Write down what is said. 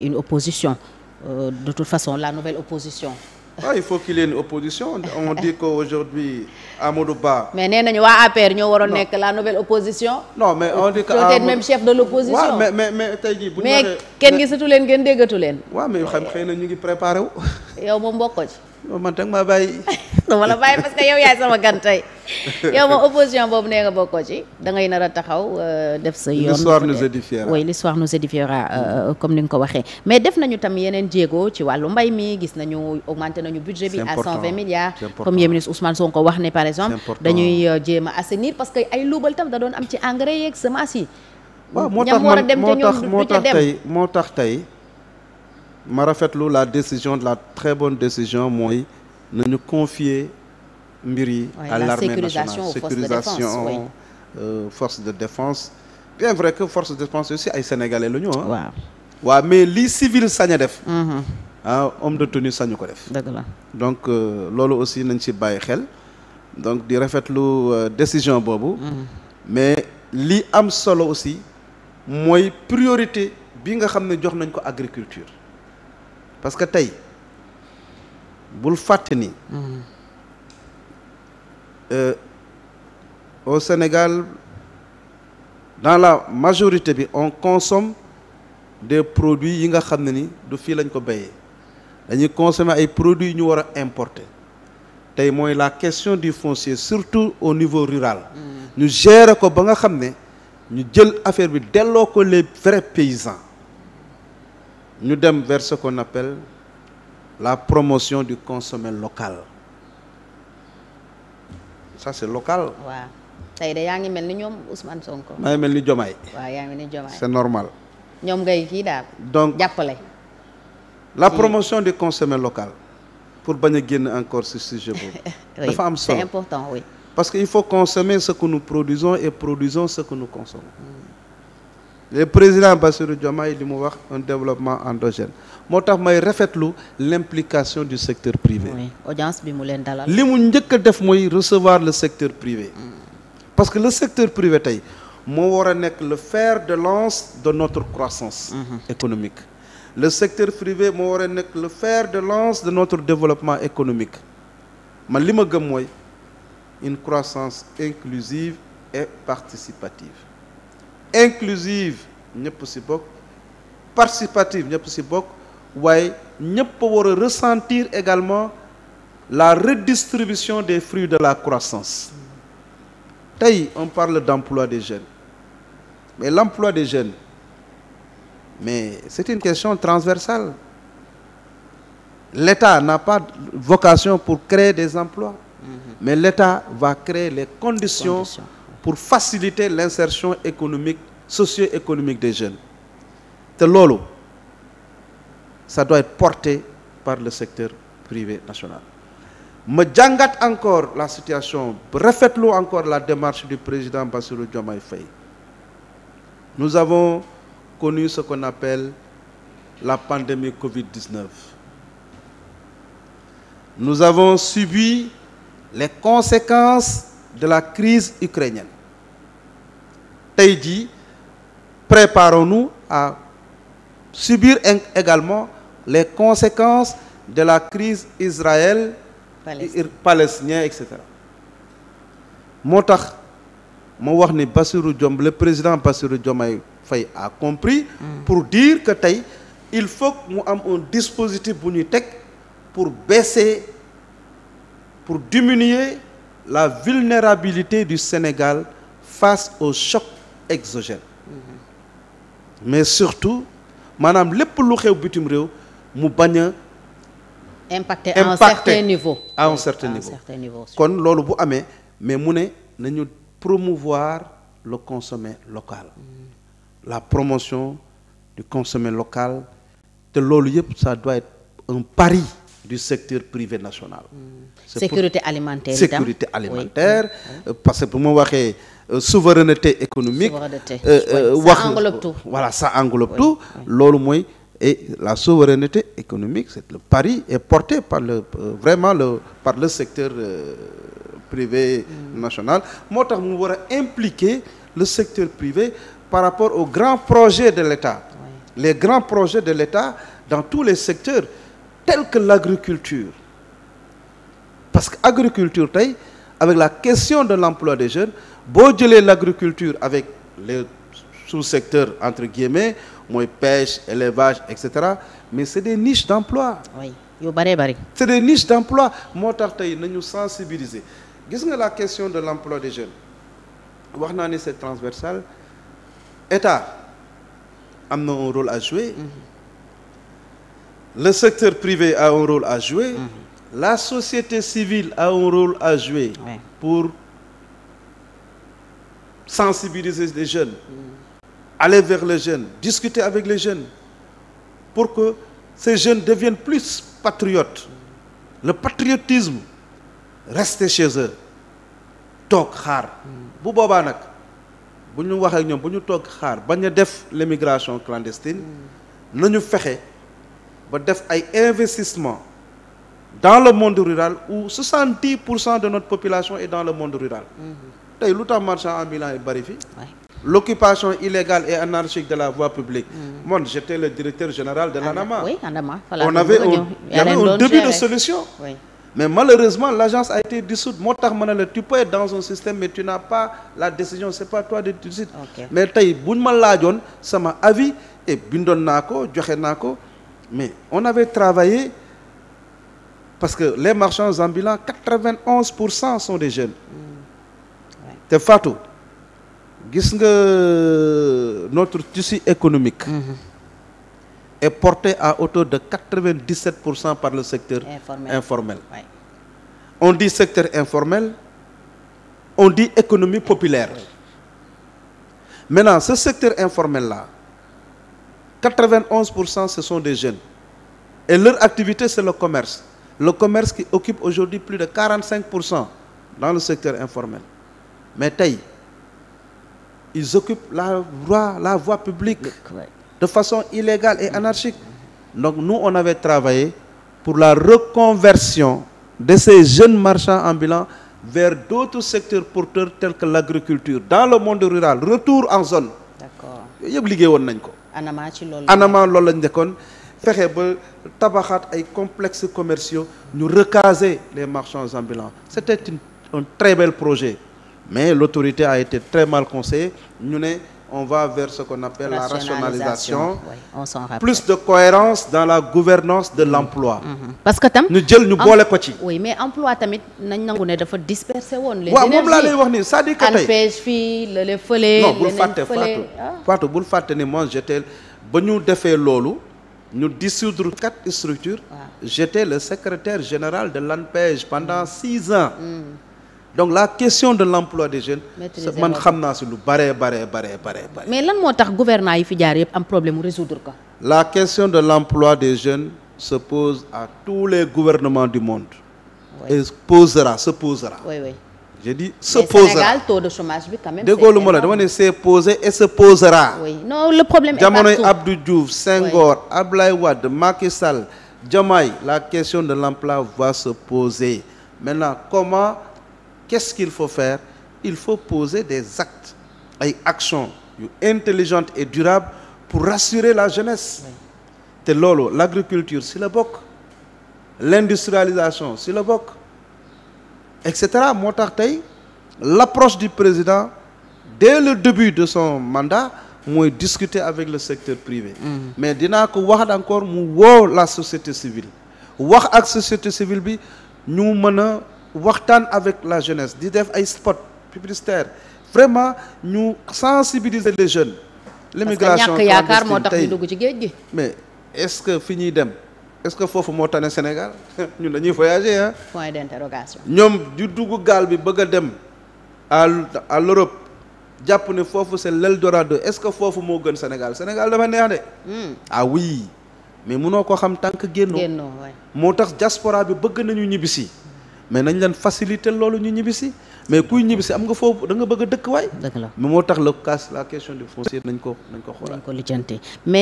une opposition euh, de toute façon la nouvelle opposition. ah il faut qu'il y ait une opposition on dit qu'aujourd'hui Amadou Ba. mais nee nañu waa APR ñoo waroon nekk la nouvelle opposition. non mais on dit que peut chef de l'opposition. mais mais mais tey jii kenn gisatu leen ngeen déggatu leen. waaw mais xam xëy na ñu ngi préparé wu. yow moom bokkoo ci. man teg maa bàyyi. dama la bàyyi parce que yow yaay sama gan tey yow moom opposition boobu nee nga bokkoo ci da ngay nar a taxaw euh, def sa yoon l'histoire nous édifiera oui l'histoire nous édifiera euh, comme ni nga ko waxee mais def nañu tam yeneen jéego ci wàllu mbay mi gis nañu augmenté nañu budget bi à 120 milliards premier ministre Ousmane ko wax ne par exemple dañuy euh, jéem a assainir parce que ay luubal tam da doon am ci engrais yeeg semence yi waaw moo a dem moo tax moo tax tey moo tax tey ma rafetlu la décision de la très décision mooy nañu confier mbir yi à l'armée nationale sécurisation force euh, de défense bien vrai que force de défense aussi ay sénégalais la ñu ah waaw waaw mais lii civil sañ a def mm-hmm. ah homme de tenue sañu ko def dëgg la donc euh, loolu aussi nañ si bàyyi xel donc di rafetlu euh, décision boobu mm-hmm. mais li am solo aussi mooy priorité bi nga xam ne jox nañ ko agriculture parce que tey bul fàtte ni. Mm-hmm. Euh, au Sénégal dans la majorité bi on consomme des produits yi nga xam ne ni du fii lañ ko bayee dañuy consommer ay produits ñu war a importer tey mooy la question du foncier surtout au niveau rural. Mm-hmm. ñu gérer ko ba nga xam ne ñu jël affaire bi delloo ko les vrais paysans ñu dem vers ce qu'on la promotion du consommé local ça c'est local. waaw de yaa ngi mel ni ñoom Ousmane Sonko. maa ngi mel ni Diomaye. waaw yaa ngi mel ni Diomaye c'est normal. ñoom ngay kii daal. donc jàppale. la promotion du consommé local. pour bañ a génn encore si sujet boobu. dafa am solo parce que il faut consommer ce que nous produisons et produisons ce que nous consommons. Mm. le président Bassirou Diomaye li mu wax un développement endogène moo tax may rafetlu l'implication du secteur privé. oui audience bi mu leen dalal. li mu njëkk a def mooy recevoir le secteur privé. parce que le secteur privé tey moo war a nekk le fer de lance de notre croissance. Mhm. économique. le secteur privé moo war a nekk le fer de lance de notre développement économique man li ma gëm mooy une croissance inclusive et participative. inclusive ñëpp si bokk participative ñëpp si bokk waaye ñëpp a war a ressentir également la redistribution des fruits de la croissance tey on parle d'emploi des jeunes mais l'emploi des jeunes mais c'est une question transversale l'État n'a pas vocation pour créer des emplois mm -hmm. mais l'État va créer les conditions. pour faciliter l'insertion économique socio-économique des jeunes te loolu ça doit être porté par le secteur privé national ma jàngat encore la situation refetlu encore la démarche du président Bassirou Diomaye Faye nous avons connu ce qu'on appelle la pandémie Covid-19 nous avons subi les conséquences de la crise ukrainienne tey jii préparons-nous à subir également les conséquences de la crise Israël palestinienne et moo tax ma wax ni Bassirou Diom le président Bassirou Diomaye Faye à compris mm. pour dire que tey il faut mu am un dispositif bu ñuy teg pour baisser pour diminuer la vulnérabilité du Sénégal face au choc exogène mais surtout maanaam lépp lu xew bitim réew mu bañ a impacté à un certain niveau à un certain kon loolu bu amee mais mu ne nañu promouvoir le consommé local la promotion du consommé local te loolu yëpp ça doit être un pari du secteur privé national mm. sécurité alimentaire sécurité alimentaire parce que bu ma waxee Euh, souveraineté économique. Euh, euh, wax voilà ça englobe tout loolu mooy et la souveraineté économique c'est le pari est porté par le vraiment le par le secteur privé mm. national moo tax mu war a impliquer le secteur privé par rapport aux grands projets de l'État les grands projets de l'État dans tous les secteurs tels que l'agriculture parce que agriculture tey avec la question de l'emploi des jeunes boo jëlee l'agriculture avec les sous-secteurs entre guillemets mooy pêche élevage et cetera mais c'est des niches d'emploi oui yu bëree bëri c'est des niches d'emploi moo tax tey nañu sensibiliser gis nga la question de l'emploi des jeunes wax naa ni est transversal état am na un rôle à jouer mm-hmm. le secteur privé a un rôle à jouer mm-hmm. la société civile a un rôle à jouer pour sensibiliser des jeunes, aller vers les jeunes, discuter avec les jeunes, pour que ces jeunes deviennent plus patriotes. Le patriotisme, rester chez eux, toog xaar. bu boobaa nag bu ñu waxee ñoom bu ñu toog xaar ba a def l'immigration clandestine nañu fexe ba def ay investissement dans le monde rural où 70 pour cent de notre population est dans le monde rural. Mm-hmm. tey lu tax marchand ambulant yi bëri fii l'occupation illégale et anarchique de la voie publique mm. j'étais le directeur général de l'ANAMA ah, on avait un, début de solution mais malheureusement l'agence a été dissoute moo tax ma ne la tu peux être dans un système mais tu n'as pas la décision c'est pas toi de décider okay. mais tey buñ ma laajoon sama avis et bindoon naa ko joxe naa ko mais on avait travaillé parce que les marchands ambulants 91 pour cent sont des jeunes mm. te Fatou gis nga euh, notre tissu économique mmh. est porté à hauteur de quatre-vingt-dix-sept pour cent par le secteur informel, informel. Ouais. on dit secteur informel on dit économie populaire oui. maintenant ce secteur informel là quatre-vingt-onze pour cent ce des jeunes et leur activité le commerce le commerce qui occupe aujourd'hui de quarante-cinq pour cent dans le secteur informel mais tey ils occupent la voie la voie publique de façon illégale et anarchique donc nous on avait travaillé pour la reconversion de ces jeunes marchands ambulants vers d'autres secteurs porteurs tels que l'agriculture dans le monde rural retour en zone d'accord yooyu yëpp liggéey woon nañ ko anama ci loolu loolu lañ nekkoon fexe ba tabaxaat ay complexes commerciaux ñu recaser les marchands ambulants c'était un très bel projet mais l'autorité a été très mal conseillée ñu ne on va vers ce qu'on appelle la rationalisation oui, on plus de cohérence dans la gouvernance de l'emploi mmh. parce que tam ñu jël ñu boole ko ci oui mais emploi tamit nañ nangu ne dafa dispersé woon les waaw moom laa lay wax ni c'est-à-dire que tey fii lale fële non bul fàtte ah. bul fàtte ni moi ba ñu defee loolu ñu dissoudre quatre structures j'étais le secretaire général de l'ANPEJ pendant six ans mm. donc la question de l'emploi des jeunes. man xam naa si lu bare bare bare bare bare. mais lan moo tax gouvernants yi fi jaar yëpp am problème mu résoudre ko. la question de l'emploi des jeunes se pose à tous les gouvernements du monde. et posera se posera. oui oui je dis se mais de chômage bi quand même. déggoo lu ma la dama ne c'est posé la question de l'emploi va se poser maintenant comment. qu'est-ce qu'il faut faire il faut poser des actes ay actions yu intelligentes et durables pour rassurer la jeunesse te loolu l'agriculture si la bokk l'industrialisation si la bokk et cetera moo tax tey l'approche du président dès le début de son mandat mooy discuter avec le secteur privé mmh. mais dinaa ko wax encore mu woo la société civile wax ak société civile bi waxtaan avec la jeunesse di def ay spot publicitaire vraiment ñu sensibiliser les jeunes l'immigration parce que ñàkk yaakaar moo tax ñu dugg ci géej gi mais est-ce que fi ñuy dem est-ce que foofu moo tane Sénégal ñun dañuy voyager ah point d'interrogation ñoom di dugg gaal bi bëgg a dem à l'Europe jàpp ne foofu c'est l'Eldorado est-ce que foofu moo gën Sénégal Sénégal dafa neex de hmm. ah oui mais mënoo ko xam tànk génnoo moo tax diaspora bi bëgg nañu ñibbisi mais nañ leen faciliter loolu ñu ñibbisi mais kuy ñibbisi am nga foofu da nga bëgg a dëkk waay. mais moo tax la cas la question du foncier nañ ko nañ ko xoolaat. mais.